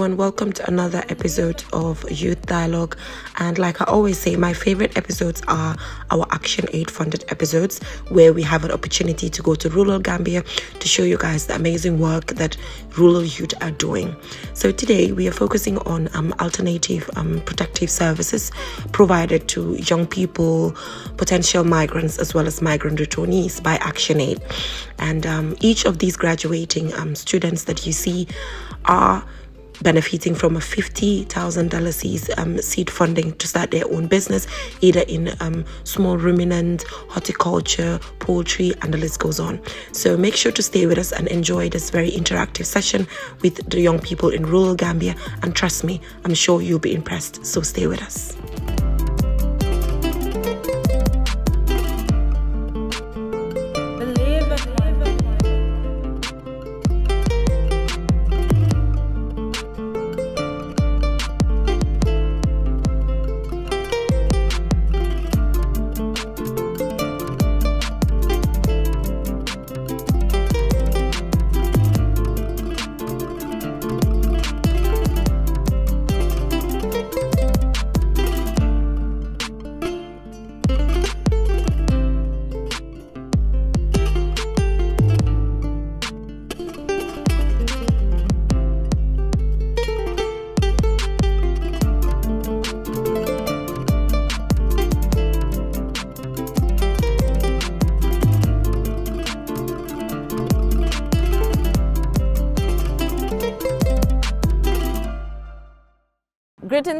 everyone. Welcome to another episode of Youth Dialogue. And like I always say, my favorite episodes are our Action Aid funded episodes, where we have an opportunity to go to rural Gambia to show you guys the amazing work that rural youth are doing. So today we are focusing on um, alternative um, protective services provided to young people, potential migrants, as well as migrant returnees by Action Aid. And um, each of these graduating um, students that you see are benefiting from a $50,000 um, seed, funding to start their own business, either in um, small ruminant, horticulture, poultry, and the list goes on. So make sure to stay with us and enjoy this very interactive session with the young people in rural Gambia. And trust me, I'm sure you'll be impressed. So stay with us.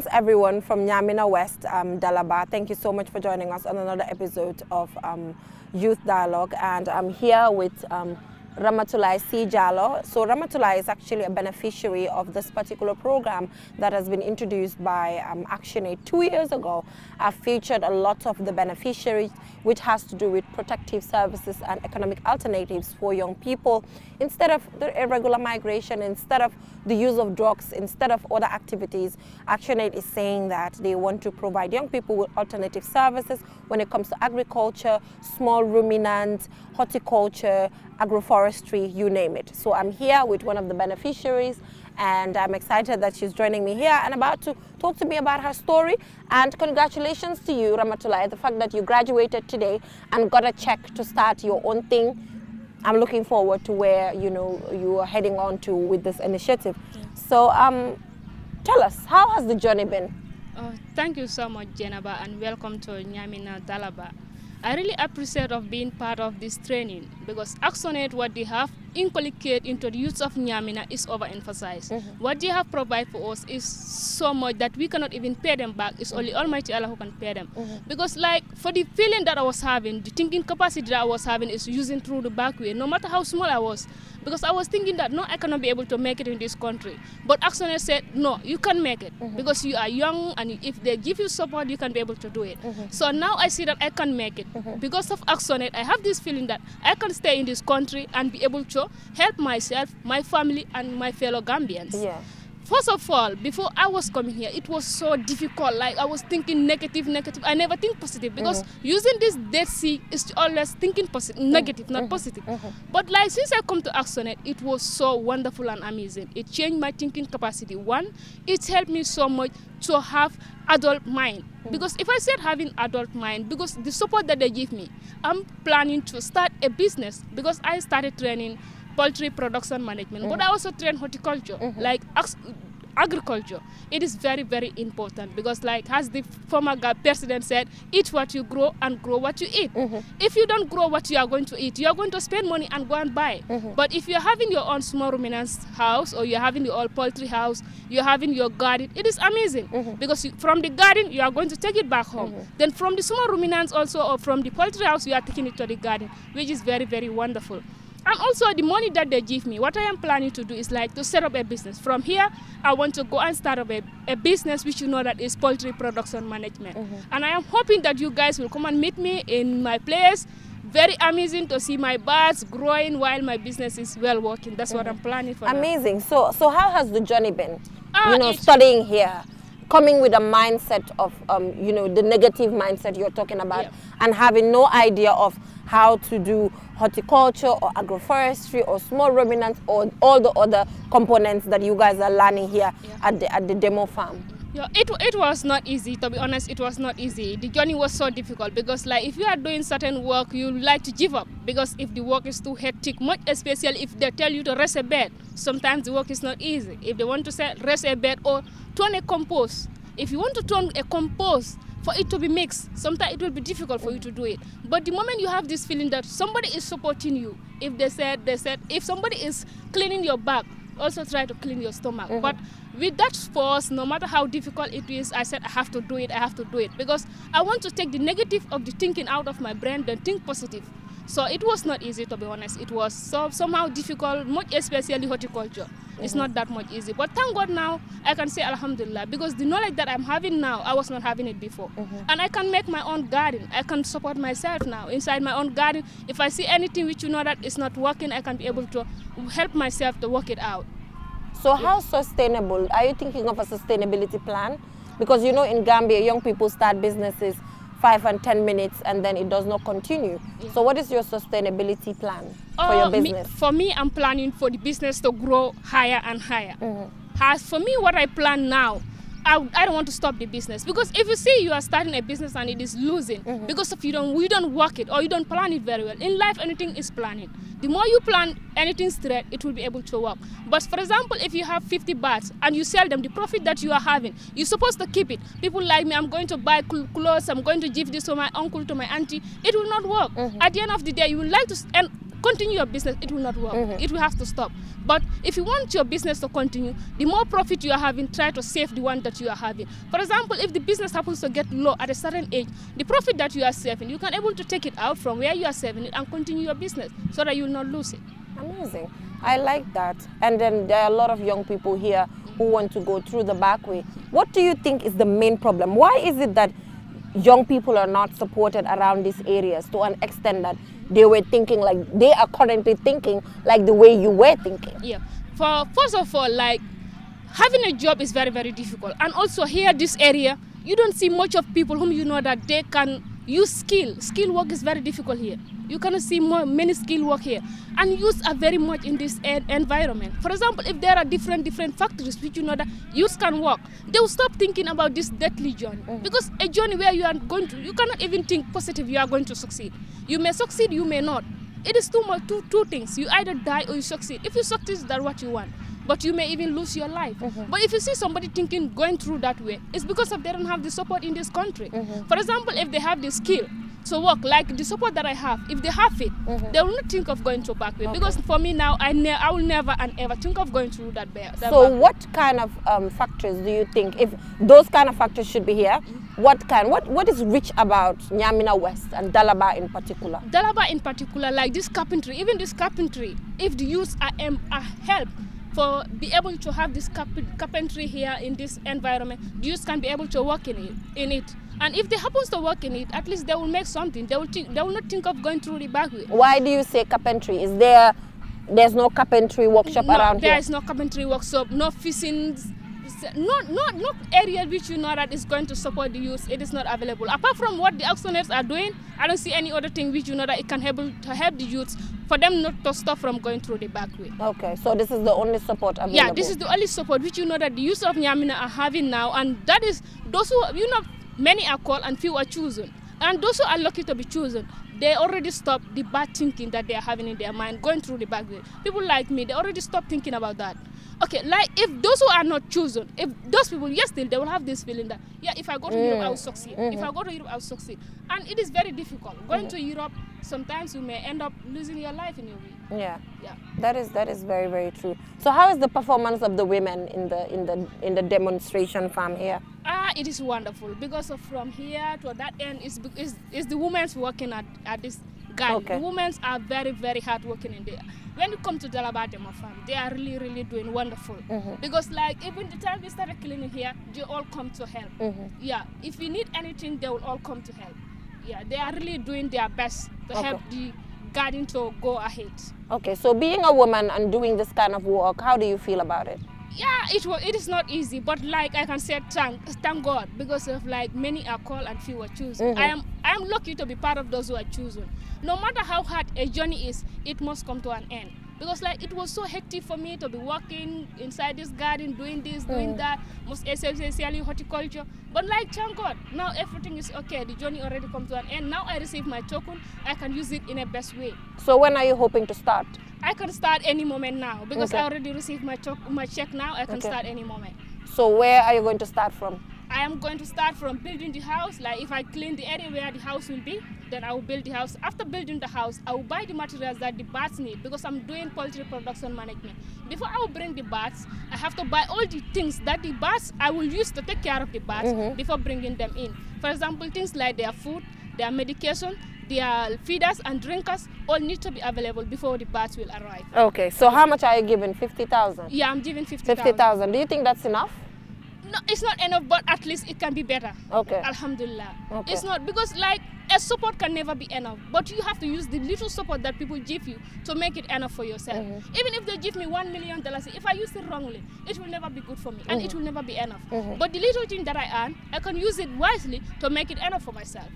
Greetings everyone from Nyamina West, um, Dalaba. Thank you so much for joining us on another episode of um, Youth Dialogue and I'm here with um, Ramatulai C. So Ramatulai is actually a beneficiary of this particular program that has been introduced by um, ActionAid two years ago. I've featured a lot of the beneficiaries, which has to do with protective services and economic alternatives for young people, instead of the irregular migration, instead of the use of drugs, instead of other activities. ActionAid is saying that they want to provide young people with alternative services when it comes to agriculture, small ruminants, horticulture, agroforestry, forestry, you name it. So I'm here with one of the beneficiaries and I'm excited that she's joining me here and about to talk to me about her story. And congratulations to you, Ramatullah, the fact that you graduated today and got a check to start your own thing. I'm looking forward to where you know you are heading on to with this initiative. So um, tell us, how has the journey been? Oh, thank you so much, Jenaba, and welcome to Nyamina Dalaba. I really appreciate of being part of this training because actually what they have inculcated into the youth of Nyamina is overemphasized. Mm -hmm. What they have provided for us is so much that we cannot even pay them back. It's only mm-hmm. Almighty Allah who can pay them. Mm -hmm. Because like for the feeling that I was having, the thinking capacity that I was having is using through the back way, no matter how small I was. Because I was thinking that, no, I cannot be able to make it in this country. But Axonet said, no, you can make it. Mm -hmm. Because you are young and if they give you support, you can be able to do it. Mm -hmm. So now I see that I can make it. Mm -hmm. Because of Axonet, I have this feeling that I can stay in this country and be able to help myself, my family, and my fellow Gambians. Yeah. First of all, before I was coming here, it was so difficult. Like I was thinking negative, negative. I never think positive because mm -hmm. using this Dead Sea is always thinking uh-huh. uh-huh. positive, negative, mm -hmm. not positive. Mm -hmm. But like since I come to Axonet, it was so wonderful and amazing. It changed my thinking capacity. One, it helped me so much to have adult mind because if I said having adult mind, because the support that they give me, I'm planning to start a business because I started training poultry production management, mm but I mm-hmm. also train horticulture, mm -hmm. like agriculture. It is very, very important because like as the former president said, eat what you grow and grow what you eat. Mm -hmm. If you don't grow what you are going to eat, you are going to spend money and go and buy. Mm-hmm. But if you're having your own small ruminants house or you're having your own poultry house, you're having your garden, it is amazing mm-hmm. because you, from the garden, you are going to take it back home. Then from the small ruminants also or from the poultry house, you are taking it to the garden, which is very, very wonderful. And also the money that they give me, what I am planning to do is like to set up a business. From here, I want to go and start up a, a business which you know that is poultry production management. Mm -hmm. And I am hoping that you guys will come and meet me in my place. Very amazing to see my birds growing while my business is well working. That's mm -hmm. what I'm uh-huh. planning for. Amazing. Now. So, so how has the journey been? Uh, you know, studying here coming with a mindset of, um, you know, the negative mindset you're talking about yeah. and having no idea of how to do horticulture or agroforestry or small ruminants or all the other components that you guys are learning here yeah. at, the, at the demo farm? Mm-hmm. Yeah, it, it was not easy, to be honest, it was not easy. The journey was so difficult because like if you are doing certain work, you like to give up because if the work is too hectic, much especially if they tell you to rest a bed, sometimes the work is not easy. If they want to say rest a bed or turn a compost, if you want to turn a compost, for it to be mixed, sometimes it will be difficult for you to do it. But the moment you have this feeling that somebody is supporting you, if they said, they said, if somebody is cleaning your back, also try to clean your stomach. Mm -hmm. But with that force, no matter how difficult it is, I said, I have to do it, I have to do it. Because I want to take the negative of the thinking out of my brain, then think positive. So it was not easy, to be honest. It was so, somehow difficult, much especially horticulture. Mm -hmm. It's not that much easy. But thank God now, I can say Alhamdulillah, because the knowledge that I'm having now, I was not having it before. Mm -hmm. And I can make my own garden. I can support myself now inside my own garden. If I see anything which you know that is not working, I can be able to help myself to work it out. So how sustainable? Are you thinking of a sustainability plan? Because you know in Gambia, young people start businesses five and 10 minutes and then it does not continue. Yeah. So what is your sustainability plan for your uh, business? Me, for me, I'm planning for the business to grow higher and higher. Mm -hmm. As for me, what I plan now, I, I don't want to stop the business because if you see you are starting a business and it is losing mm -hmm. because if you don't you don't work it or you don't plan it very well in life anything is planning the more you plan anything straight it will be able to work but for example if you have 50 bats and you sell them the profit that you are having you're supposed to keep it people like me I'm going to buy clothes I'm going to give this to my uncle to my auntie it will not work mm -hmm. at the end of the day you would like to and continue your business, it will not work. Mm -hmm. It will have to stop. But if you want your business to continue, the more profit you are having, try to save the one that you are having. For example, if the business happens to get low at a certain age, the profit that you are saving, you can able to take it out from where you are saving it and continue your business so that you will not lose it. Amazing. I like that. And then there are a lot of young people here who want to go through the back way. What do you think is the main problem? Why is it that young people are not supported around these areas to an extent that they were thinking like they are currently thinking like the way you were thinking yeah for first of all like having a job is very very difficult and also here this area you don't see much of people whom you know that they can use skill. Skill work is very difficult here. You cannot see more, many skill work here. And youths are very much in this environment. For example, if there are different different factories which you know that youths can work, they will stop thinking about this deathly journey. Mm. Because a journey where you are going to, you cannot even think positive you are going to succeed. You may succeed, you may not. It is two, things. You either die or you succeed. If you succeed, that's what you want but you may even lose your life. Mm -hmm. But if you see somebody thinking going through that way, it's because of they don't have the support in this country. Mm -hmm. For example, if they have the skill to work, like the support that I have, if they have it, mm -hmm. they will not think of going to back way. Okay. Because for me now, I ne I will never and ever think of going through that. Bear, so what kind of um, factors do you think, if those kind of factors should be here, what kind, what, what is rich about Nyamina West and Dalaba in particular? Dalaba in particular, like this carpentry, even this carpentry, if the youth are, um, are helped, for be able to have this carpentry here in this environment, youths can be able to work in it. In it. And if they happen to work in it, at least they will make something. They will, think, they will not think of going through the back way. Why do you say carpentry? Is there, there's no carpentry workshop no, around there here? there is no carpentry workshop, no fishing not, not, not area which you know that is going to support the youth, it is not available. Apart from what the actioners are doing, I don't see any other thing which you know that it can help to help the youth for them not to stop from going through the back way. Okay, so this is the only support available? Yeah, this is the only support which you know that the youth of Nyamina are having now, and that is those who, you know, many are called and few are chosen. And those who are lucky to be chosen, they already stop the bad thinking that they are having in their mind, going through the back way. People like me, they already stop thinking about that okay, like if those who are not chosen, if those people, yes, still they will have this feeling that, yeah, if I go to mm. Europe, I will succeed. Mm -hmm. If mm-hmm. I go to Europe, I will succeed. And it is very difficult. Going mm -hmm. to mm-hmm. Europe, sometimes you may end up losing your life in your way. Yeah. Yeah. That is that is very very true. So how is the performance of the women in the in the in the demonstration farm here? Ah, it is wonderful because from here to that end it's it's it's the women's working at at this guy. okay. women are very, very hardworking in there. When you come to dalaba Dema farm, they are really, really doing wonderful. Mm -hmm. Because like even the time we started cleaning here, they all come to help. Mm -hmm. Yeah, if you need anything, they will all come to help. Yeah, they are really doing their best to okay. help the garden to go ahead. Okay, so being a woman and doing this kind of work, how do you feel about it? yeah it was it is not easy but like i can say thank thank god because of like many are called and few are chosen mm -hmm. i am i am lucky to be part of those who are chosen no matter how hard a journey is it must come to an end because like it was so hectic for me to be working inside this garden, doing this, hmm. doing that, most essentially horticulture. But like thank God, now everything is okay. The journey already come to an end. Now I receive my token. I can use it in a best way. So when are you hoping to start? I can start any moment now because okay. I already received my talk, my check now. I can okay. start any moment. So where are you going to start from? I am going to start from building the house. Like if I clean the area where the house will be, then I will build the house. After building the house, I will buy the materials that the birds need because I'm doing poultry production management. Before I will bring the birds, I have to buy all the things that the birds I will use to take care of the birds mm -hmm. before bringing them in. For example, things like their food, their medication, their feeders and drinkers all need to be available before the birds will arrive. Okay, so how much are you giving? 50,000? Yeah, I'm giving 50,000. 50,000. Do you think that's enough? No, it's not enough, but at least it can be better. Okay. Alhamdulillah. Okay. It's not because like a support can never be enough, but you have to use the little support that people give you to make it enough for yourself. Mm -hmm. Even if they give me one million dollars, if I use it wrongly, it will never be good for me, and mm -hmm. it mm-hmm. will never be enough. Mm -hmm. But the little thing that I earn, I can use it wisely to make it enough for myself.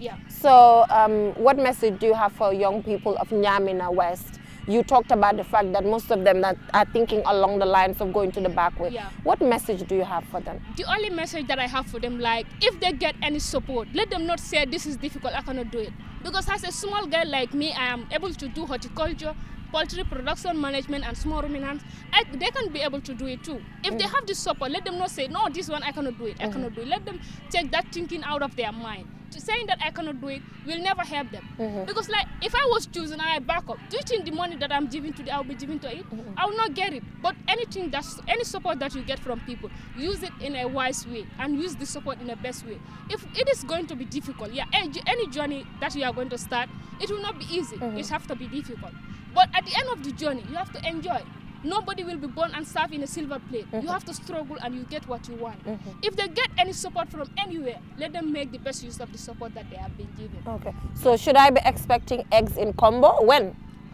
Yeah. So, um, what message do you have for young people of Nyamina West? You talked about the fact that most of them that are thinking along the lines of going to the back way. Yeah. What message do you have for them? The only message that I have for them, like, if they get any support, let them not say, this is difficult, I cannot do it. Because as a small girl like me, I am able to do horticulture, poultry production management and small ruminants, I, they can be able to do it too. If mm. they have the support, let them not say, no, this one I cannot do it, I cannot mm. do it. Let them take that thinking out of their mind. To saying that I cannot do it will never help them. Mm -hmm. Because like, if I was choosing I back up, do you think the money that I'm giving to, the, I'll be giving to it? -hmm. I will not get it. But anything that's, any support that you get from people, use it in a wise way and use the support in the best way. If it is going to be difficult, yeah, any journey that you are going to start, it will not be easy. -hmm. It has to be difficult. But at the end of the journey, you have to enjoy. Nobody will be born and serve in a silver plate. Mm -hmm. You uh-huh. have to struggle and you get what you want. Mm -hmm. If they get any support from anywhere, let them make the best use of the support that they have been given. Okay. So should I be expecting eggs in combo? When?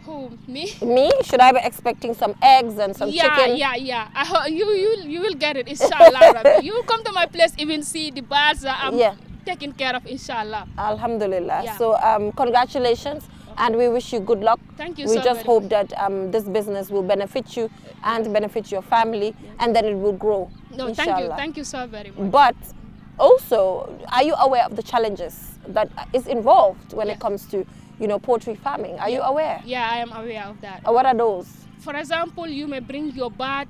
Who? Me? Me? Should I be expecting some eggs and some yeah, chicken? Yeah, yeah, yeah. You, you, you will get it, inshallah. you will come to my place, even see the bars I'm yeah. taking care of, inshallah. Alhamdulillah. Yeah. So um, congratulations and we wish you good luck. Thank you. We so just hope that um, this business will benefit you and benefit your family, and then it will grow. No, inshallah. thank you, thank you so very much. But also, are you aware of the challenges that is involved when it comes to, you know, poultry farming? Are yeah. you aware? Yeah, I am aware of that. What are those? For example, you may bring your bird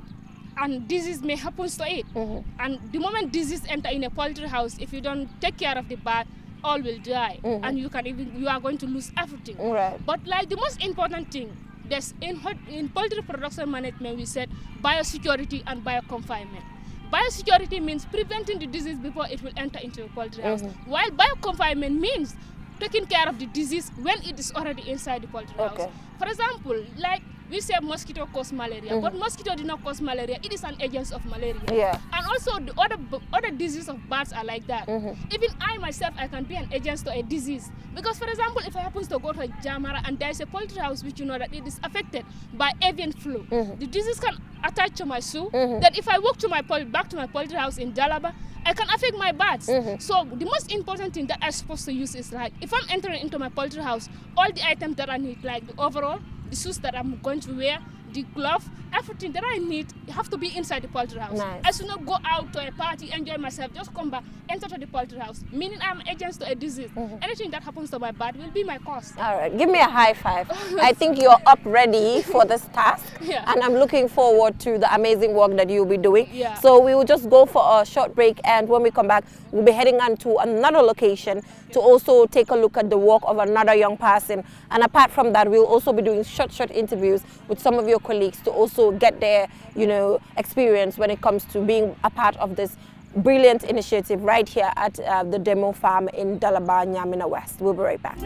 and disease may happen to it. Mm -hmm. And the moment disease enter in a poultry house, if you don't take care of the bird, all will die mm -hmm. and you can even you are going to lose everything right. but like the most important thing there's in, in poultry production management we said biosecurity and bioconfinement biosecurity means preventing the disease before it will enter into the poultry house mm -hmm. while bioconfinement means taking care of the disease when it is already inside the poultry okay. house for example like we say mosquito cause malaria, mm -hmm. but mosquito did not cause malaria. It is an agent of malaria. Yeah. And also the other other diseases of bats are like that. Mm -hmm. Even I myself, I can be an agent to a disease because, for example, if I happens to go to a Jamara and there is a poultry house which you know that it is affected by avian flu, mm -hmm. the disease can attach to my shoe. Mm-hmm. That if I walk to my back to my poultry house in Jalaba, I can affect my bats. Mm -hmm. So the most important thing that I'm supposed to use is like if I'm entering into my poultry house, all the items that I need, like the overall, the shoes that I'm going to wear, the glove, everything that I need have to be inside the poultry house. Nice. I should not go out to a party, enjoy myself, just come back, enter to the poultry house. Meaning I'm agents to a disease. Mm -hmm. Anything that happens to my body will be my cost. All right, give me a high five. I think you're up ready for this task. Yeah. And I'm looking forward to the amazing work that you'll be doing. Yeah. So we will just go for a short break and when we come back, we'll be heading on to another location to also take a look at the work of another young person. And apart from that, we'll also be doing short, short interviews with some of your colleagues to also get their, you know, experience when it comes to being a part of this brilliant initiative right here at uh, the demo farm in Dalaba, Nyamina West. We'll be right back.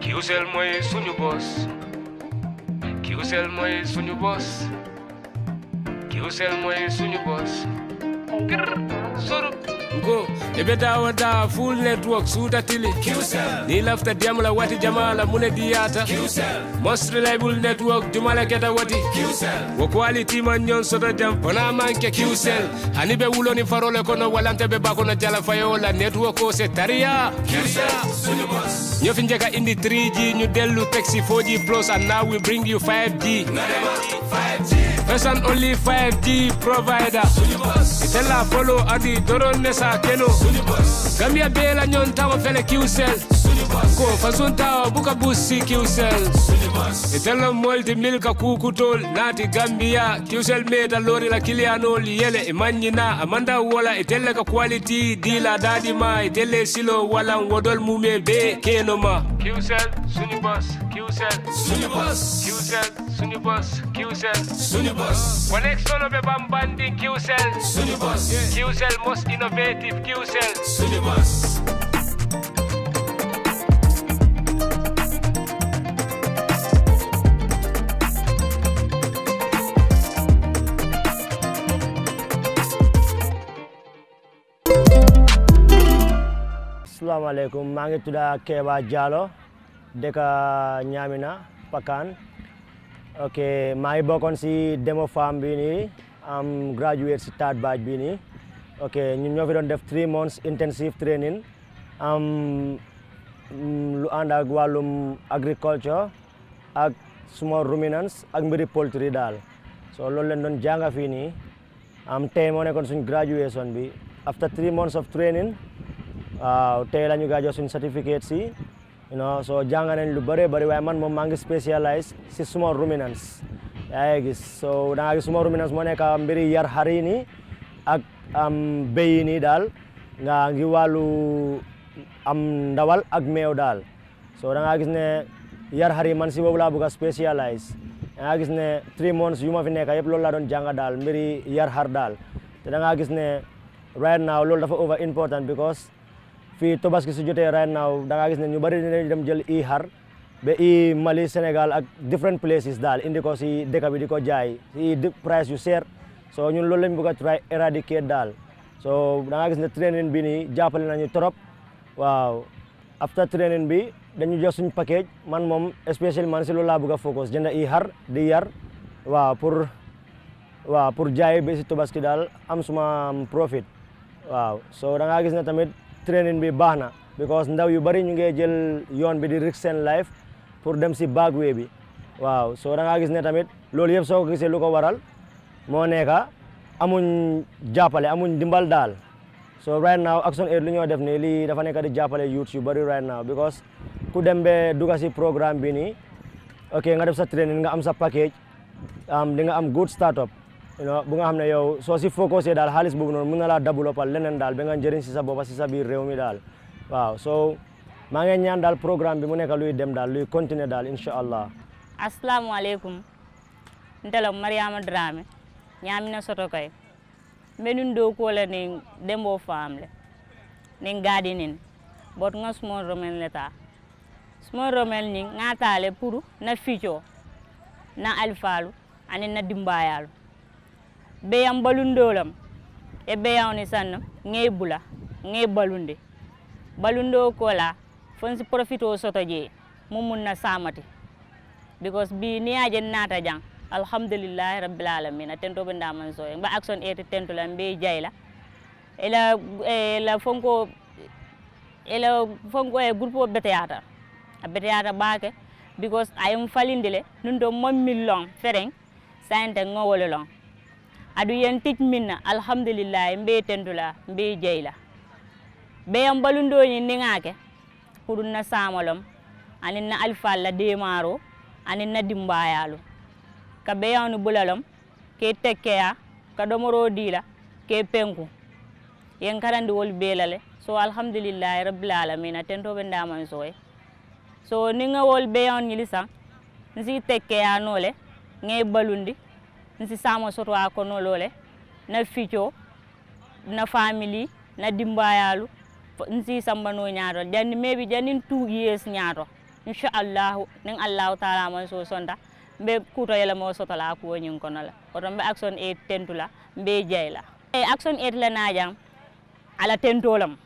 Kiusel moy boss. Kiusel moy boss. Kiusel moy boss go ebetawa da full network suuta tili ni lafta demla wati jamala mune diyata most reliable network jumala keta wati wo quality man ñon soto jam fana manke qcell hani be wuloni farole kono walante be bakono jala fayola network o se tariya ñofi njeka indi 3g ñu delu taxi 4g plus and now we bring you 5g, 5G. First and only 5G provider. Itella Polo Adi Doron Nesa Keno. Gambia Bela Nyon Tawa Fele QCell. ko façon tawa buka bussi kiwsel itella molti milka kukutol naati gambiya kiwsel meta lorila kiliyanol yele e maññina amanda wola itelle ka quality di dila dadima itelle silo walan wodol mume be kenoma kiwsel suni bas kiwsel suni bas kiwsel suni bas kiwsel solo be bambandi kiwsel suni bas most innovative kiwsel suni Assalamualaikum, ma ngi tuda Keba jalo deka nyamina pakan ok ma ngi bokon si demo farm bi ni am graduate start third batch bi ni ok ñun ñofi don def three months intensive training am mm, lu gua ak agriculture ak small ruminants ak mbiri poultry dal. so lolou len jaga jànga am tey moo nekkoon suñu graduation bi after three months of training Ah, teyla ñu juga jossin certificate si you know so jangan yang lu bare bare waaye man moom maa ngi si small ruminants so da nga semua ruminans ruminants moo nekk mbiri yar harini ini, ak am béy ini dal, daal nga ngi am ndawal ak meew dal. so da nga gis ne yar hari man si boobu buka bëgg a spécialise da ne three months yuma ma fi nekk yëpp loolu laa dal, mbiri yar har dal, jadi da nga gis ne right now loolu dafa over important because fi tobaski su jotee right now da nga gis ne ñu bari dinañ dem jël i har ba i Mali Sénégal ak different places daal indi ko si dëkk bi di ko jaay si price yu seer so ñun loolu lañ bëgg a try éradiquer daal so da nga gis ne training bi nii jàppale nañu trop waaw after training bi dañu jox suñ package man moom especially man si loolu laa bëgg a focus jënd i har di yar waaw pour waaw pour jaay ba si tobaski daal am suma profit wow. so da nga gis ne tamit training bi bahna because ndaw yu bari ñu ngi jël yoon bi di risk sen life pour dem si bagwe bi waaw So da nga gis ne tamit loolu yëpp soo ko gisee lu ko waral moo nekka amuñ jàppale amuñ dimbal daal so right now action aid lu ñoo def ne lii dafa nekk di jàppale youth yu bari right now because ku dem be duga si programme bi nii ok nga def sa training nga am sa package am di nga am good startup bu nga xam ne yow soo si focusé daal xaalis boobu noonu mën na laa développal leneen daal ba nga njëriñ si sa bopp si sa biir mi daal waaw soo maa ngi ñaan daal programme bi mu nekk luy dem daal luy continuer daal incha allah asalaamualeykum ntelam mariama drame ñaamina soto koy mbeɗum dow kola nin dembo famle nin gaadi nin bot nga small romel leta small romel ni ŋatale pour na fico na alfalu anin na dimbayalu ɓeyam balundolam e ɓeyawni sanno ŋey bula ŋey balunde balundo kola fonsi profite o soto je mumum na samati because bi niyajen nata jang alhamdulillahi rabilalamina tentoɓe ndaman soye mba action ete tentola mbe jayla ela ela fonko ela fonko e groupe o beteyata a beteyata ɓaake because ayim falindile nunto mammillong fereng sayente ŋowole long aɗu yen tic minna alhamdulillahi mbe tendula mbe jeyla ɓeyam balundoñi ndigake huɗum na samolom anin na alfalla demaro anin na dimbayalu ka ɓeyawni ɓulalom ke tekkeya ka ɗomoro dila ke penku yen karandi wol ɓelale so alhamdulillahi rabilalamina tentoɓe daman soye so ninga wol ɓeyawñili sang nsi tekkeya nole ngey balundi nsi samo sotowa kono lole na fico na family na dimbayalu nsi sambano ñaato janni maybe jannin two years ñaato inchallahu nin allahu taala man so sonta mbe kuuto yele mo sotola kuwoñin kono la oto mbe action aid tentula mbe jeyla e action aid la naajang ala tentolam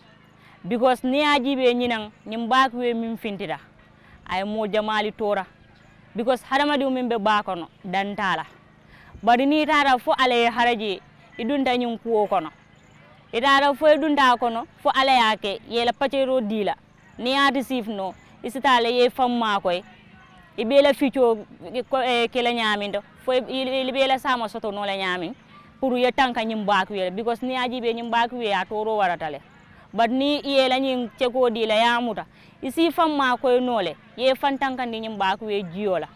because ni a jiiɓe ñinan nin mbaakuwe min fintita ay moo jamali tora because hadamadiw min ɓe ɓaakono dantala bari ni itaata fo alaye haraje i ɗunta ñin kuwo kono itaata fo i ɗunta kono fo alaya ke yeyla paceto diila ni yaati sifno i sitaala ye famma koye i ɓeyla ficco e, kela ñaminto fo i ɓeyla sama soto noola ñamin pour ye tanka ñin bakuye la because ni yajiɓe ñin bakuye a toro waratale bat ni yeyla ñin ceko diila yamuta i si famma koye noole ye fan tankandi ñin bakuye jiyo la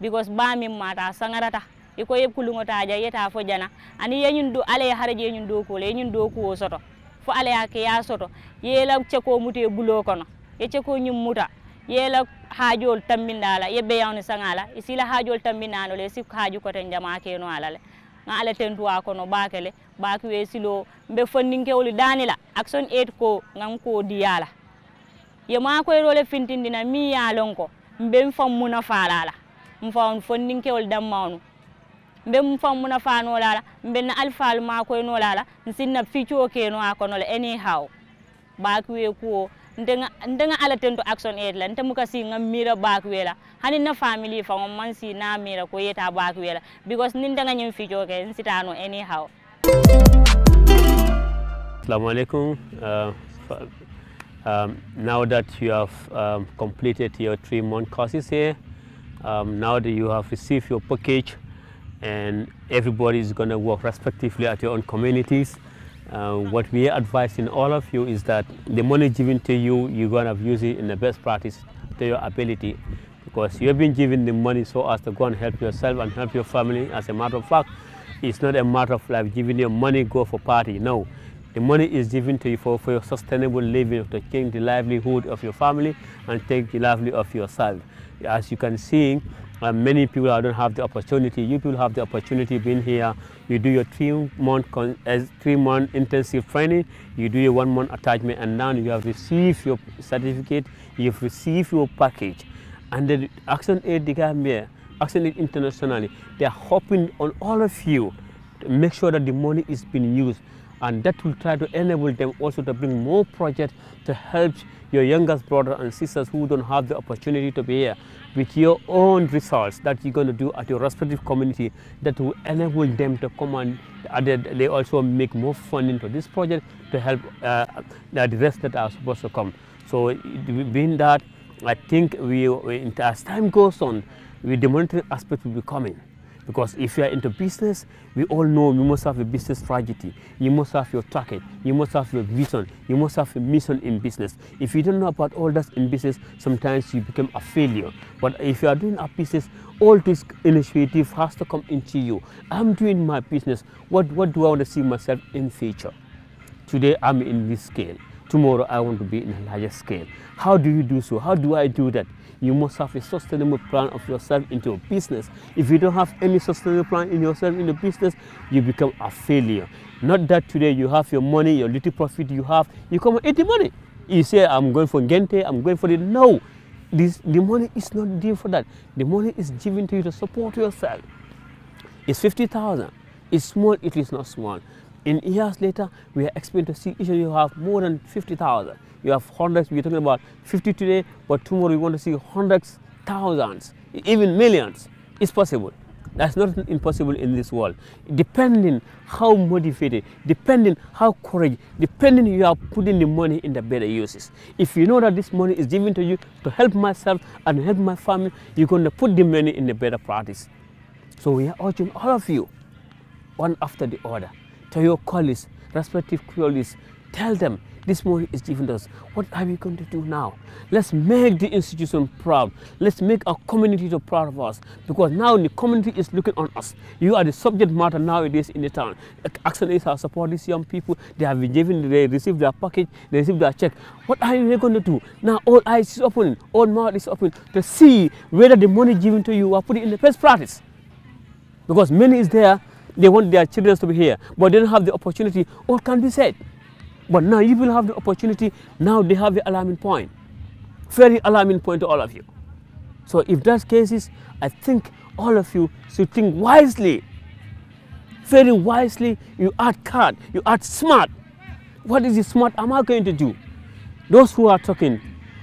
because bamin mata sangarata iko yeb kulugo taja yeta fo jana ani yeñun do ala haraje yeñun do kuwola yeñun do kuwo soto fo ala ya ke ya soto yeela ceko mutu e bulo kono ye ceko ñum muta yeela haajool tamminɗala yebbe yawni sagala isila haajool tamminanole si haaju e koten jamakeno alale ga ala tentuwa kono bakele baki we silo mbe fanninkewolu danila ak son et ko gan ko diyala ye makoyrole fintindina mi yalon ko mben fammu nafalala mfawn fanninkewol damma onu mbe mfaŋ muna faanoo la mbe na alifaalu maakoyinoo la lala la nsin na ficoo keenoo le kono la anyhow baakuwee kuwo nteŋa ala tento action aid la nte muka si ŋa miira baakuwee la hani na family faŋo man si naa miira ko yeta baakuwee la because niŋ nteŋa ñiŋ ficoo ke nsitaanoo anyhow Assalamu alaikum. Uh, um, now that you have um, completed your three-month courses here, um, now that you have received your package and everybody is going to work respectively at your own communities. Uh, what we are advising all of you is that the money given to you, you're going to use it in the best practice to your ability because you've been given the money so as to go and help yourself and help your family. As a matter of fact, it's not a matter of like giving your money go for party, no. The money is given to you for, for your sustainable living, to change the livelihood of your family and take the livelihood of yourself. As you can see, and many people don't have the opportunity. You people have the opportunity being here. You do your three month eh, three month intensive training. You do your one month attachment, and now you have received your certificate. You've received your package, and the Action Aid the Action Aid internationally, they are hoping on all of you to make sure that the money is being used, and that will try to enable them also to bring more projects to help your youngest brother and sisters who don't have the opportunity to be here with your own results that you're going to do at your respective community that will enable them to come and they also make more funding for this project to help uh, the rest that are supposed to come. So being that, I think we, we, as time goes on, we, the monitoring aspect will be coming. Because if you are into business, we all know you must have a business strategy. You must have your target. You must have your vision. You must have a mission in business. If you don't know about all that in business, sometimes you become a failure. But if you are doing a business, all this initiative has to come into you. I'm doing my business. What, what do I want to see myself in future? Today, I'm in this scale. Tomorrow, I want to be in a larger scale. How do you do so? How do I do that? you must have a sustainable plan of yourself into a business. If you don't have any sustainable plan in yourself in the business, you become a failure. Not that today you have your money, your little profit you have, you come and eat the money. You say, I'm going for Gente, I'm going for the no. This, the money is not there for that. The money is given to you to support yourself. It's 50,000. It's small, it is not small. In years later, we are expecting to see each of you have more than 50,000. You have hundreds, we're talking about 50 today, but tomorrow we want to see hundreds, thousands, even millions. It's possible. That's not impossible in this world. Depending how motivated, depending how courage, depending you are putting the money in the better uses. If you know that this money is given to you to help myself and help my family, you're going to put the money in the better practice. So we are urging all of you, one after the other, to your colleagues, respective colleagues, tell them this money is given to us. What are we going to do now? Let's make the institution proud. Let's make our community proud of us because now the community is looking on us. You are the subject matter nowadays in the town. Action is our support these young people. They have been given, they received their package, they received their check. What are you going to do? Now all eyes is open, all mouth is open to see whether the money given to you are put in the best practice. Because money is there, they want their children to be here, but they don't have the opportunity. All can be said. But now you will have the opportunity. Now they have the alarming point. Very alarming point to all of you. So if that's cases, I think all of you should think wisely. Very wisely, you act card, you act smart. What is the smart am I going to do? Those who are talking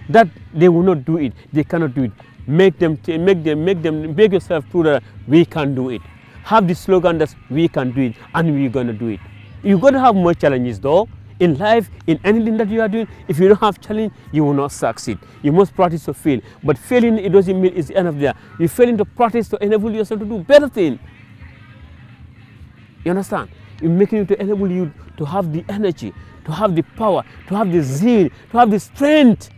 that they will not do it, they cannot do it. Make them, make them, make them, make yourself prove that we can do it have the slogan that we can do it and we're going to do it. You're going to have more challenges though. In life, in anything that you are doing, if you don't have challenge, you will not succeed. You must practice to fail. But failing, it doesn't mean it's the end of there. You're failing to practice to enable yourself to do better thing. You understand? You're making it to enable you to have the energy, to have the power, to have the zeal, to have the strength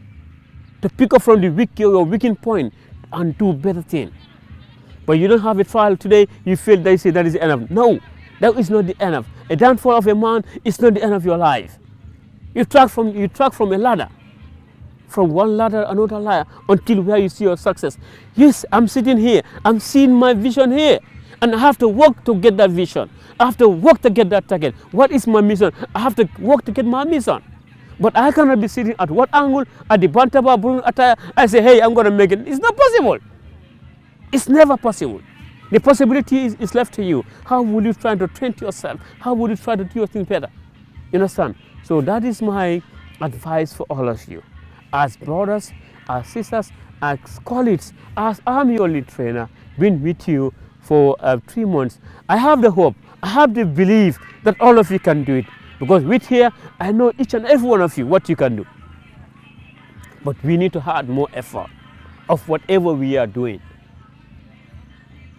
to pick up from the weak, your weakened point and do better thing but you don't have a trial today, you feel that you say that is the end of. No, that is not the end of. A downfall of a man is not the end of your life. You track from, you track from a ladder, from one ladder another ladder until where you see your success. Yes, I'm sitting here, I'm seeing my vision here. And I have to work to get that vision. I have to work to get that target. What is my mission? I have to work to get my mission. But I cannot be sitting at what angle, at the Bantaba Brun attire, I say, hey, I'm going to make it. It's not possible. It's never possible. The possibility is, is left to you. How will you try to train yourself? How will you try to do your thing better? You understand? So that is my advice for all of you. As brothers, as sisters, as colleagues, as I'm your only trainer, been with you for uh, three months. I have the hope, I have the belief that all of you can do it. Because with here, I know each and every one of you what you can do. But we need to add more effort of whatever we are doing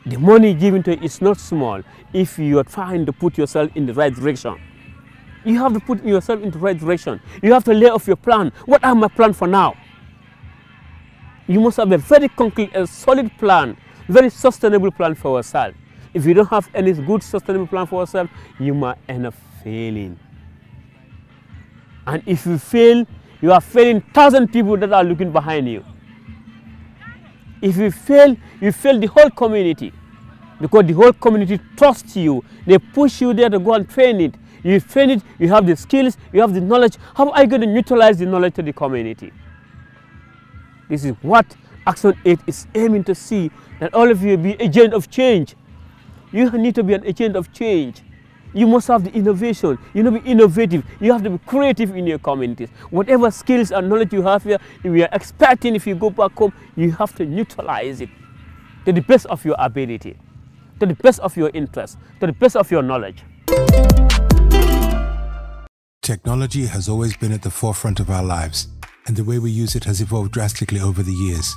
the money given to you is not small if you are trying to put yourself in the right direction. You have to put yourself in the right direction. You have to lay off your plan. What are my plan for now? You must have a very concrete and solid plan, very sustainable plan for yourself. If you don't have any good sustainable plan for yourself, you might end up failing. And if you fail, you are failing thousand people that are looking behind you. If you fail, you fail the whole community because the whole community trusts you. They push you there to go and train it. You train it, you have the skills, you have the knowledge. How are you going to neutralize the knowledge to the community? This is what Action 8 is aiming to see that all of you be agent of change. You need to be an agent of change you must have the innovation. You know, be innovative. You have to be creative in your communities. Whatever skills and knowledge you have here, we are expecting if you go back home, you have to neutralize it to the best of your ability, to the best of your interest, to the best of your knowledge. Technology has always been at the forefront of our lives, and the way we use it has evolved drastically over the years.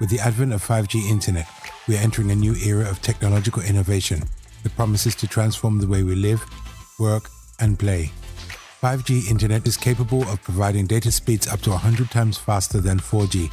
With the advent of 5G internet, we are entering a new era of technological innovation that promises to transform the way we live, work, and play. 5G internet is capable of providing data speeds up to 100 times faster than 4G,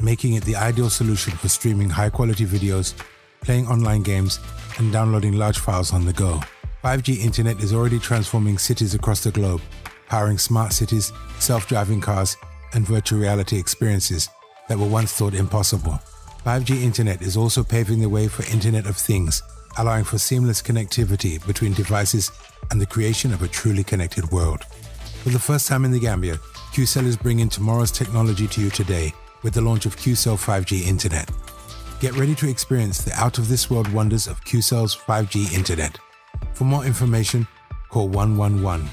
making it the ideal solution for streaming high quality videos, playing online games, and downloading large files on the go. 5G internet is already transforming cities across the globe, powering smart cities, self driving cars, and virtual reality experiences that were once thought impossible. 5G internet is also paving the way for Internet of Things, allowing for seamless connectivity between devices and the creation of a truly connected world. For the first time in the Gambia, QCell is bringing tomorrow's technology to you today with the launch of QCell 5G Internet. Get ready to experience the out of this world wonders of QCell's 5G Internet. For more information, call 111.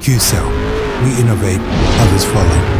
QCell. We innovate, others follow.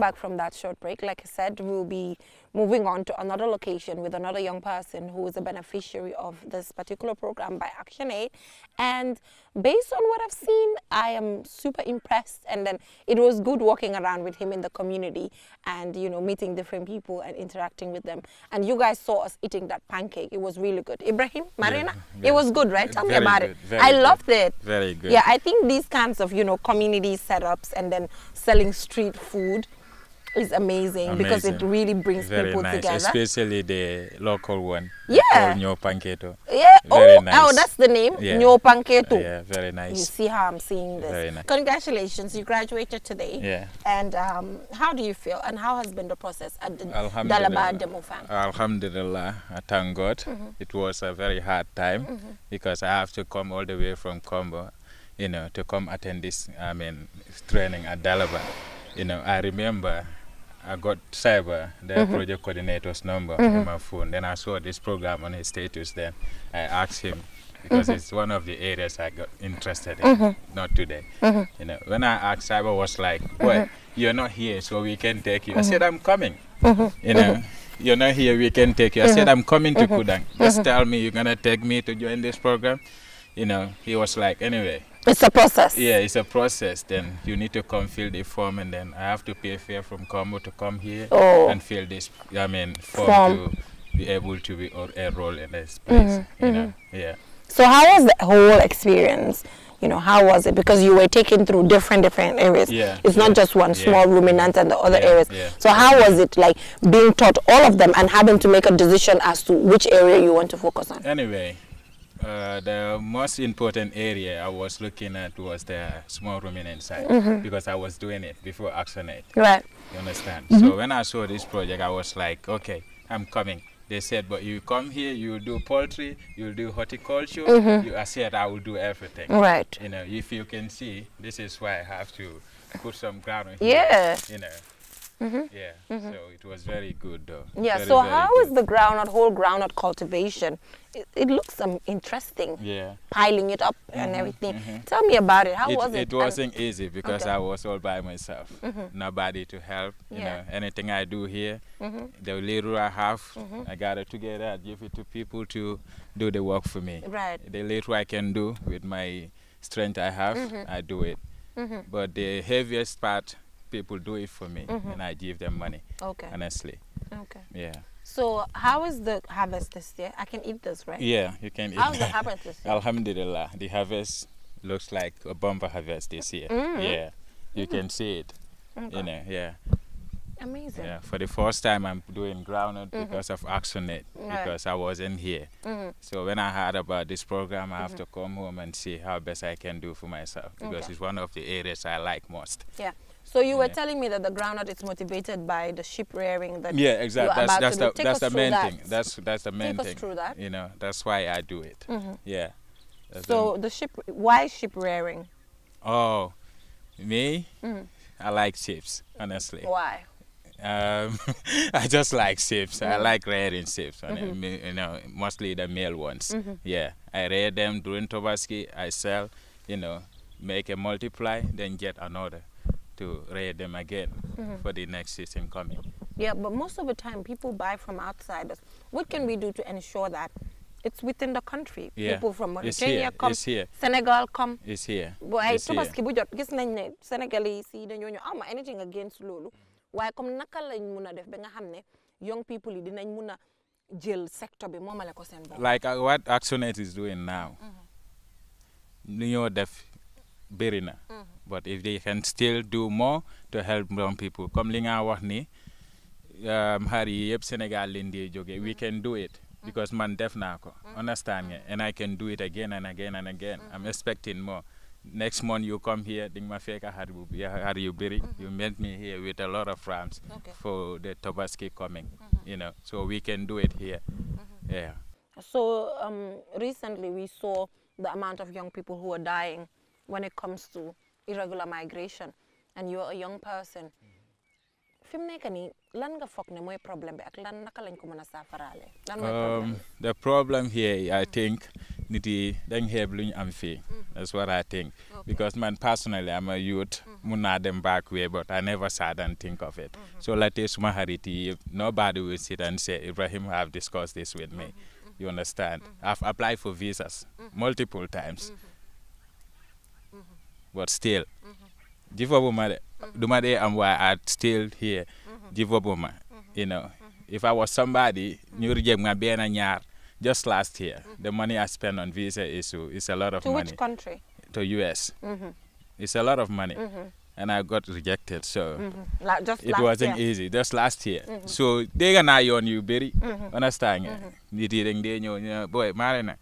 back from that short break, like I said, we'll be moving on to another location with another young person who is a beneficiary of this particular program by ActionAid. And based on what I've seen, I am super impressed. And then it was good walking around with him in the community and, you know, meeting different people and interacting with them. And you guys saw us eating that pancake. It was really good. Ibrahim, Marina, yeah, yeah. it was good, right? Tell Very me about good. it. I loved it. Very good. Yeah, I think these kinds of, you know, community setups and then selling street food is amazing, amazing, because it really brings Very people nice. together. Especially the local one. Yeah. Nyo Panketo. Yeah. Very oh, nice. oh, that's the name. Yeah. Nyo Panketo. Yeah, very nice. You see how I'm seeing this. Very nice. Congratulations, you graduated today. Yeah. And um, how do you feel and how has been the process at the Dalaba Demo Farm? Alhamdulillah, thank God. Mm -hmm. It was a very hard time mm -hmm. because I have to come all the way from Combo, you know, to come attend this, I mean, training at Dalaba. You know, I remember I got Cyber, the mm -hmm. project coordinator's number mm -hmm. on my phone. Then I saw this program on his status. Then I asked him because mm -hmm. it's one of the areas I got interested in. Mm-hmm. Not today. Mm-hmm. You know, when I asked Cyber, was like, "Well, mm-hmm. you're not here, so we can take you." I said, "I'm coming." You know. You're not here, we can take you. I said, I'm coming to Kudang. Just tell me you're going to take me to join this program. You know, he was like, anyway, it's a process. Yeah, it's a process. Then you need to come fill the form, and then I have to pay fare from Combo to come here oh. and fill this. I mean, form, form, to be able to be or enroll in this place. Mm -hmm. You know, mm-hmm. yeah. So how was the whole experience? You know, how was it? Because you were taken through different different areas. Yeah. It's yeah, not just one yeah, small ruminant and the other yeah, areas. Yeah. So how was it like being taught all of them and having to make a decision as to which area you want to focus on? Anyway, uh, the most important area I was looking at was the small ruminant side mm -hmm. because I was doing it before ActionAid. Right. You understand? Mm -hmm. So mm-hmm. when I saw this project, I was like, okay, I'm coming. They said, but you come here, you do poultry, you do horticulture. Mm -hmm. you, I said, I will do everything. Right. You know, if you can see, this is why I have to put some ground here. Yeah. You know. Mm -hmm. Yeah, mm -hmm. so it was very good though. Yeah, very, so very how good. is the groundnut, whole groundnut cultivation? It, it looks um, interesting. Yeah. Piling it up mm -hmm. and mm-hmm. everything. Mm-hmm. Tell me about it. How it, was it? It wasn't and easy because okay. I was all by myself. Mm-hmm. Nobody to help. You yeah. know, anything I do here, the little I have, I got it together. I give it to people to do the work for me. Right. The little I can do with my strength I have, I do it. But the heaviest part people do it for me, mm -hmm. and I give them money. Okay. Honestly. Okay. Yeah. So how is the harvest this year? I can eat this, right? Yeah, you can eat. How's the harvest this year? Alhamdulillah, the harvest looks like a bumper harvest this year. Mm. Yeah, you mm. can see it. Okay. You know, yeah. Amazing. Yeah, for the first time I'm doing groundnut mm -hmm. because of ActionNet right. because I wasn't here. -hmm. So when I heard about this program, I have -hmm. to come home and see how best I can do for myself because okay. it's one of the areas I like most. Yeah. So you were telling me that the groundnut is motivated by the sheep rearing that. Yeah, exactly. that's that's the, that's the main that. thing. That's that's the main Take thing. Us through that. You know, that's why I do it. Mm -hmm. Yeah. That's so the, the sheep. Why sheep rearing? Oh, me. Mm -hmm. I like sheep, honestly. Why? Um, I just like sheep. Mm -hmm. I mm-hmm. like rearing sheep, mm -hmm. you know, mostly the male ones. Mm -hmm. Yeah, I rear them during Tobaski. I sell, you know, make a multiply, then get another to rear them again mm -hmm. for the next season coming. Yeah, but most of the time people buy from outsiders. What can we do to ensure that it's within the country. Yeah. People from Mauritania come, Senegal come. It's here. But I bu jot gis nañ ne Sénégalais yi dañoo ñu am ah, anything against Lulu. Why come nakala in mun def benga hamne young people yi dinañ mun a jël secteur bi like uh, what ActionAid is doing now. Mm-hmm. li ñoo def berina. Mm-hmm but if they can still do more to help young people comme li nga wax ni um, xar yi yëpp Sénégal leen di jóge we can do it mm-hmm. because man def ko mm-hmm. understand nga and I can do it again and again and again mm-hmm. I'm expecting more next month you come here ding ma feka har bu har you biri you met me here with a lot of friends for the tobaski coming you know so we can do it here yeah so um, recently we saw the amount of young people who are dying when it comes to irregular migration and you are a young person fi mu lan nga ne mooy problem be. ak lan naka lañ ko mën lan um, the problem here I think niti dañ xeeb am mm-hmm. that's what I think because man personally I'm a youth mm-hmm. mun dem back way but I never sat and think of it mm-hmm. so let's suma xarit nobody will sit and say Ibrahim have discussed this with me you understand I've applied for visas multiple times but still my, de duma de am why I still here mm-hmm. jivobuma mm-hmm. you know mm-hmm. if I was somebody ñu reject ma a ñaar just last year the money I spent on visa issue is a lot of to money to which country to US it's a lot of money and I got rejected. So mm -hmm. like it wasn't year. easy. Just last year. Mm -hmm. So they gonna eye on you, Berry. Mm-hmm. Understand? Mm-hmm. Boy, Marina.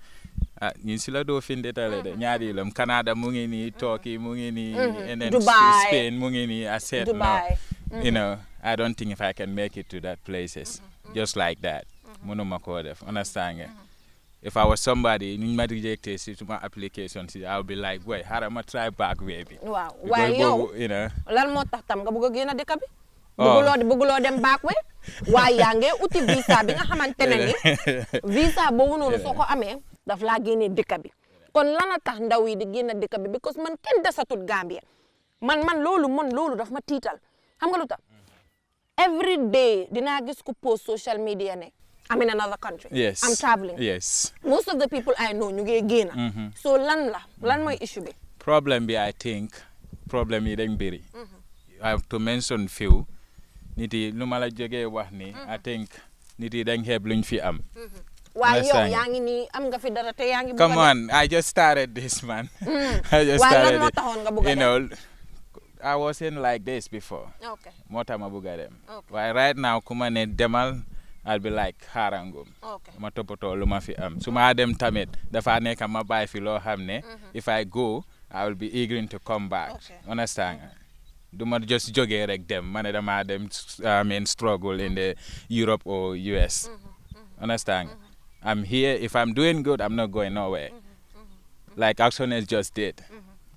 ah ñii si la doo findetale de mm-hmm. ñaari Canada mu ngi nii Turkey mu ngi nii and mm-hmm. then Spain mu mm-hmm. I don't think if I can make it to that places just like that mënuma koo def understand nga if I was somebody ma rejecté si suma application si I'll be like way xaaral ma try back way bi waaw waaye yow lan moo tax tam nga bëgg a génn bi oh. bëgguloo bëgguloo dem back way yaa ngi uti visa bi nga xamante ne visa boobu noonu soo ko amee daf laa génnee dëkk bi kon lan a tax ndaw yi di dëkk bi because man kenn desatul Gambia man man loolu man loolu daf ma tiital xam nga lu every day dinaa gis ku post social media ne I'm in another country. Yes. I'm traveling. Yes. Most of the people I know ñu ngi génn. Mm-hmm. so lan la lan mooy issue bi. problem bi I think problem yi dañ bëri. Mm-hmm. I have to mention few. Niti yi lu ma la wax ni mm-hmm. I think niti yi dañ xeeb luñ fi am. waaye yow yaa ngi nii am nga fi dara te yaa ngi. come on I just started this man. Mm. I just started it moo taxoon nga bugg a dem you know I wasn't like this before. okay moo tax ma bugg a dem. waaye right now ku ma ne demal. I'll be like xaarangum ma toppatoo lu ma fi am su ma dem tamit dafa nekk ma bàyyi fi loo xam ne mhm. if I go I will be eager to come back understand du ma just jógee rek dem ma ne dama dem I mean struggle in the Europe or US mhm. mhm. understand I'm here. If I'm doing good, I'm not going nowhere. Mm-hmm. Mm-hmm. Like Axonet just did. Mm-hmm.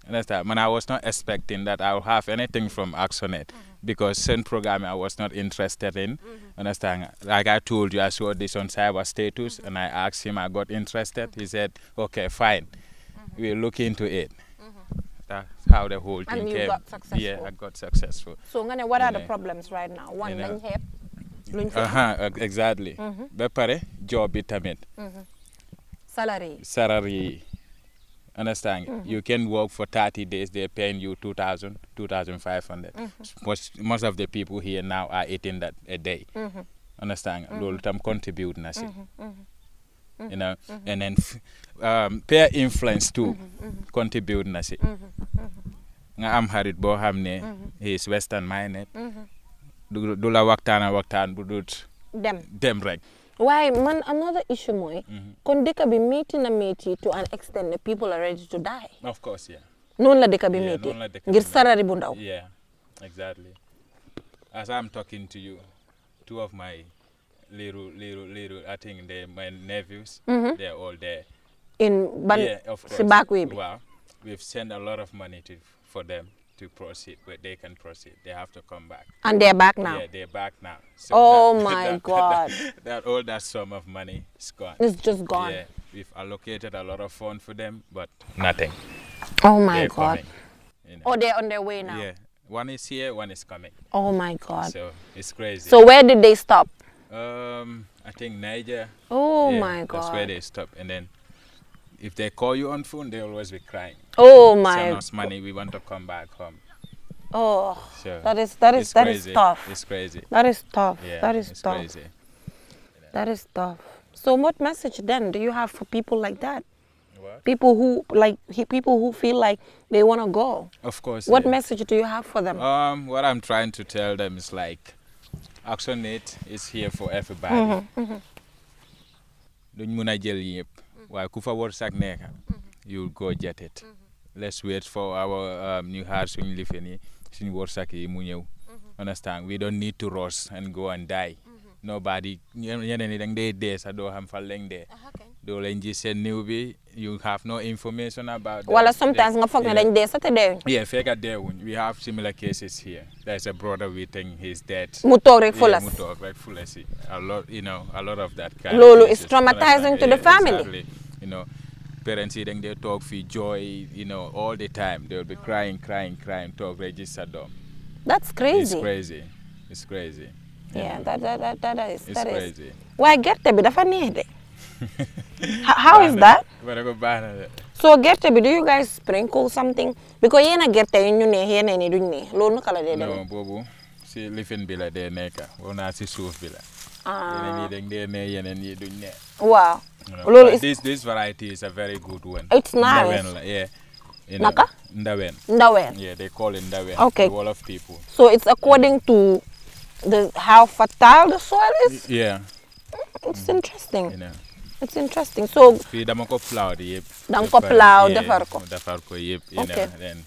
Understand? When I was not expecting that I'll have anything from Actionet because same program I was not interested in. Understand? Like I told you, I saw this on cyber status and I asked him, I got interested. He said, okay, fine. We'll look into it. That's how the whole thing and you came. Got successful. Yeah, I got successful. So, what are yeah. the problems right now? One, you know, Aha, exactly mm-hmm. ba pare job bi mm-hmm. salary salary understand mm-hmm. you can work for 30 days they're paying you 2000 2500 most, most of the people here now are eating that a day understand loolu tam contribute na si you know and then um, peer influence too contribute na si nga am xarit boo ne he western minded du du la waxtaan waxtaan bu dul. dem dem rek. waaye man another issue mooy. Mhm. kon dëkk bi métti na métti to an extent people are ready to die. of la dëkk bi métti ngir sarari bu ndaw. yeah exactly as I'm talking to you two of my little little little I think they my nephews. Mhm. they are in ban si back way bi. waaw we've sent a lot of money to for them. to proceed, but they can proceed. They have to come back. And they're back now. Yeah, they're back now. So oh that, my that, God! That, that, all that sum of money is gone. It's just gone. Yeah, we've allocated a lot of funds for them, but nothing. Oh my they're God! Coming, you know. Oh, they're on their way now. Yeah, one is here, one is coming. Oh my God! So it's crazy. So where did they stop? Um, I think Niger. Oh yeah, my God! That's where they stop, and then if they call you on phone, they always be crying. Oh my! Send us money. We want to come back home. Oh, so that is that is that crazy. is tough. It's crazy. That is tough. Yeah, that is tough. Crazy. That is tough. So, what message then do you have for people like that? What? People who like people who feel like they want to go. Of course. What yeah. message do you have for them? Um, what I'm trying to tell them is like, ActionAid is here for everybody. Mm -hmm, mm -hmm. Well, kufa war sakneka, mm-hmm. you'll go get it. Mm-hmm. Let's wait for our um, new house when live in Sin war saki munyew. Mm-hmm. Understand? We don't need to rush and go and die. Nobody, ñeneen ñi dañ dee dee sa doo xam fan lañ dee. doo leen gis seen néew bi you have no information about. wala sometimes nga foog ne dañ dee sa te deewuñ. yeah have similar cases here. there is a brother we think dead. mu toog rek fulas mu toog rek fulas loolu is traumatizing to the family. you know parents yi dañ talk for fii you know all the time they'll be crying crying crying talk register them that's crazy it's crazy it's crazy. yeah that that that is that is waaye gerte bi dafa neex de. how is that. so gerte bi do you guys sprinkle something because yéen a gerte yi ñu neex yeneen yi duñ neex no naka la dee demee. non boobu si lifin bi la dee nekk wala si suuf bi Uh, wow. You know, this this variety is a very good one. It's nice. Ndawen, yeah. You Naka? Ndawen. Ndawen. Yeah, they call it Ndawen. Okay. A lot of people. So it's according yeah. to the how fertile the soil is. Yeah. It's mm. interesting. You know. It's interesting. So. Fi dama ko plow de yep. Dama ko plow defar ko. Defar ko yep. Okay. Know, then,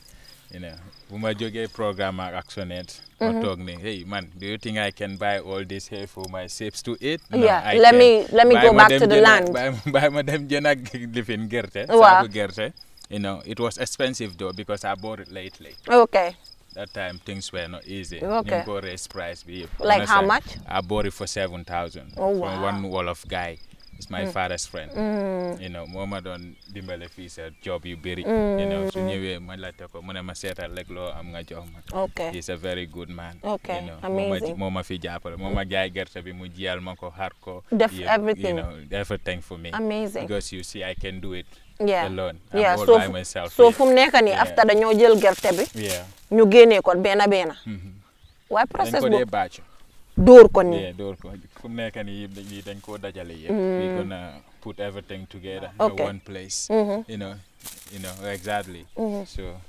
you know, bu programmer programme ak actionnet ma mm-hmm. toog hey man do you think I can buy all this here for my shapes to eat yeah let me let me go back to the land buy ma dem jën ak lifin gerte saaku gerte you know it was expensive though because I bought it lately okay that time things were not easy. Okay. Nimbo raised price. Be, like how much? I bought it for 7,000 oh, wow. from one wall of guy. is my mm. father's friend. moo mm. ma doon dimbale fii sa job yu bëri. you mm. know la te ma laajte ko mu ne ma seetal rek loo am nga jox ma. ok he a very good man. ok amazing moo ma fi jàppale moo ma jaay gerte bi mu jiyal ma ko xar ko. def everything for me. amazing because you see I can do it. yeah so so fu mu nekk nii after dañoo jël gerte bi. ñu génnee ko benn benn. Mm-hmm. waaye process boobu dóor ko nii. dóor ko can nekk you lii dañ koo dajale mm. we gonna put everything together. in one place. Mm-hmm. you know you know exactly. Mm-hmm. so.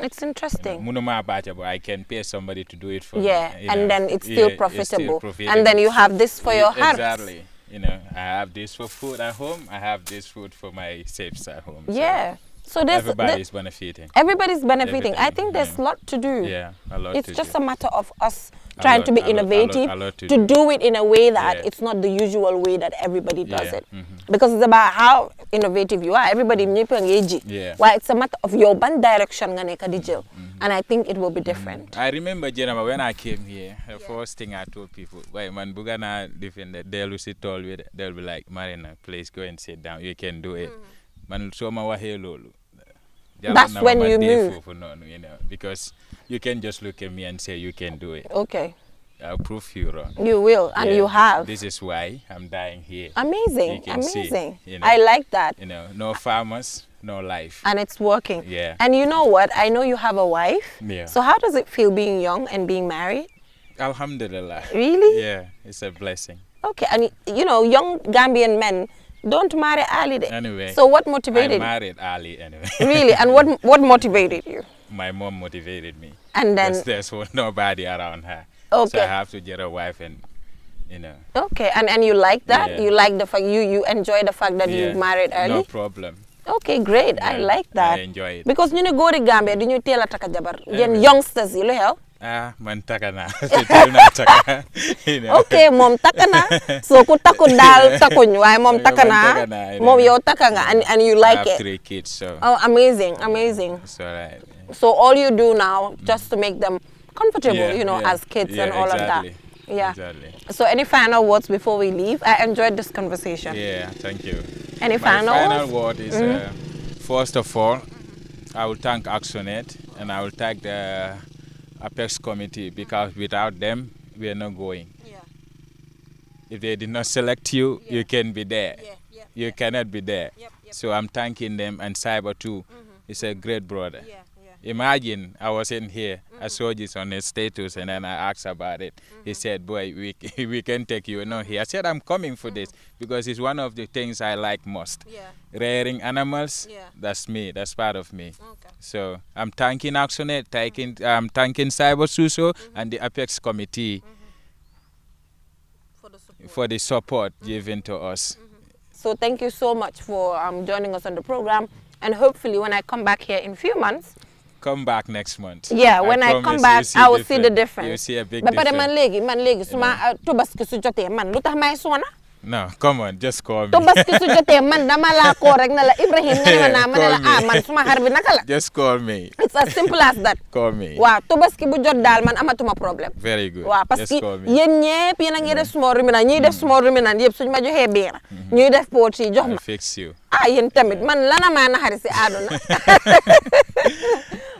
It's interesting. but I can pay somebody to do it for yeah, me. Yeah, and know, then it's still, yeah, it's still, profitable. And then you have this for your heart. Exactly. You know, I have this for food at home. I have this food for my safes at home. Yeah. So, so there's everybody's there, benefiting. Everybody's benefiting. Everything, I think there's a mm-hmm. yeah. lot to do. Yeah, a lot. It's just do. a matter of us trying to be innovative, to do it in a way that yeah. it's not the usual way that everybody does yeah. it. Mm -hmm. Because it's about how innovative you are. Everybody mm-hmm. nipo yeah. Well, it's a matter of your band direction ganeka digital, mm-hmm. and I think it will be different. Mm-hmm. I remember Jerema when I came here, the yeah. first thing I told people, wait, man, Bugana defended they'll sit all with they'll be like, Marina, please go and sit down. You can do it. Mm. Man, so my wahelo. That's when you move. No, no, you know, because you can just look at me and say you can do it. Okay. I'll prove you wrong. You will, and yeah. you have. This is why I'm dying here. Amazing, amazing. See, you know, I like that. You know, no farmers, no life. And it's working. Yeah. And you know what? I know you have a wife. Yeah. So how does it feel being young and being married? Alhamdulillah. Really? Yeah, it's a blessing. Okay, and you know, young Gambian men don't marry early. Anyway. So what motivated? I married early anyway. really, and what what motivated you? my mom motivated me. And then there's nobody around her. Okay. So I have to get a wife and you know. Okay, and and you like that? Yeah. You like the fact you you enjoy the fact that yeah. you married early? No problem. Okay, great. Yeah, I like that. I enjoy it. Because you know, go to Gambia, do you tell taka jabar? Then youngsters, you know. Ah, man takana. na. Okay, mom takana. So ku taku dal tako nyuai mom takana. Mom yo takanga and and you like I have it. three kids, so. Oh, amazing, amazing. It's alright. So all you do now, just to make them comfortable, yeah, you know, yeah. as kids yeah, and all exactly. of that. Yeah. Exactly. So any final words before we leave? I enjoyed this conversation. Yeah, thank you. Any final, My final words? word is, mm -hmm. uh, first of all, I will thank ActionNet and I will thank the Apex committee because without them, we are not going. Yeah. If they did not select you, you can be there. you cannot be there. Yep, yep. So I'm thanking them and Cyber too. Mm -hmm. a great brother imagine I was in here. Mm -hmm. I saw this on his status, and then I asked about it. Mm -hmm. He mm-hmm. said, "Boy, we we can take you no here." I said, "I'm coming for mm -hmm. this because it's one of the things I like most. Yeah. Rearing animals. Yeah. That's me. That's part of me. Okay. So I'm thanking Axonet, thanking I'm mm-hmm. um, thanking Cyber Suso mm-hmm. and the Apex Committee for the support, for the support given to us. So thank you so much for um, joining us on the program. And hopefully when I come back here in a few months, come back next month. Yeah, I when I, come back, I will see the difference. You see a big but difference. But man legi, man legi, suma uh, tobaski su ya, man, lutax may sona? No, come on, just call me. Tobaski kisu jote ya, man dama la ko rek na la Ibrahim na na man la ah man suma harbi bi Just call me. It's as simple as that. call me. Wa ki bu jot dal man amatuma problem. Very good. Wa parce que yeen ñepp yeen ngi def mm-hmm. small ruminant, ñi def mm-hmm. small ruminant yep suñu ma joxe beer. Ñuy mm-hmm. def pochi jox ma. Fix you. Ah yeen tamit man lana ma na harisi aduna.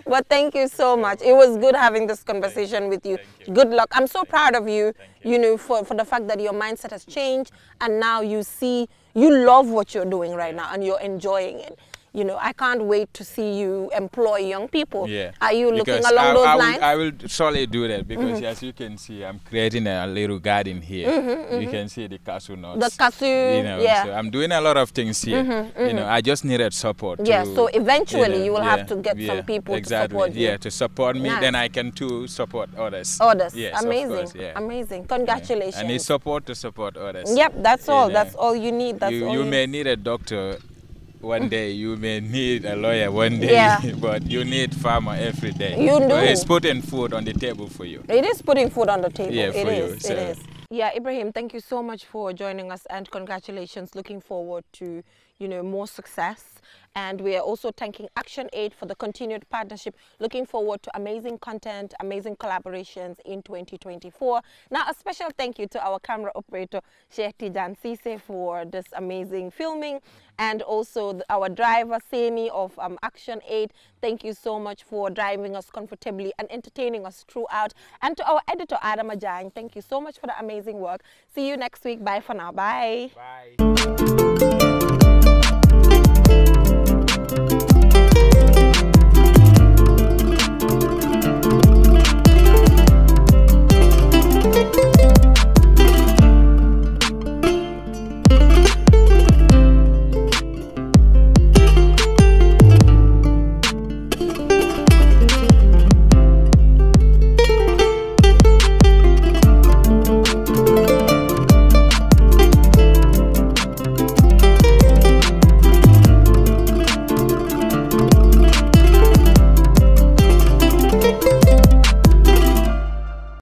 Well, thank you so much. It was good having this conversation with you. you. Good luck. I'm so thank proud of you, you, you know, for, for the fact that your mindset has changed and now you see, you love what you're doing right now and you're enjoying it you know, I can't wait to see you employ young people. Yeah. Are you looking because along I, those I lines? Will, I will surely do that because, mm -hmm. as you can see, I'm creating a little garden here. Mm -hmm, mm -hmm. You mm-hmm. can see the cashew nuts. The cashew, you know, yeah. So I'm doing a lot of things here. Mm-hmm, you mm-hmm. know, I just needed support. Yeah, to, so eventually you, you will yeah, have to get yeah, some people exactly, to support you. Yeah, to support me, nice. then I can too support others. Others, yes, amazing, course, yeah. amazing. Congratulations. Yeah. I need support to support others. Yep, that's all. Know. That's all you need. That's you, all you, you may need a doctor one day you may need a lawyer one day yeah. but you need farmer every day you do it's putting food on the table for you it is putting food on the table yeah, it is, you, so. it is yeah ibrahim thank you so much for joining us and congratulations looking forward to you know more success and we are also thanking Action Aid for the continued partnership. Looking forward to amazing content, amazing collaborations in 2024. Now, a special thank you to our camera operator, Shetty Jan Sise, for this amazing filming. And also the, our driver, Seni of um, Action Aid. Thank you so much for driving us comfortably and entertaining us throughout. And to our editor, Adam thank you so much for the amazing work. See you next week. Bye for now. Bye. Bye.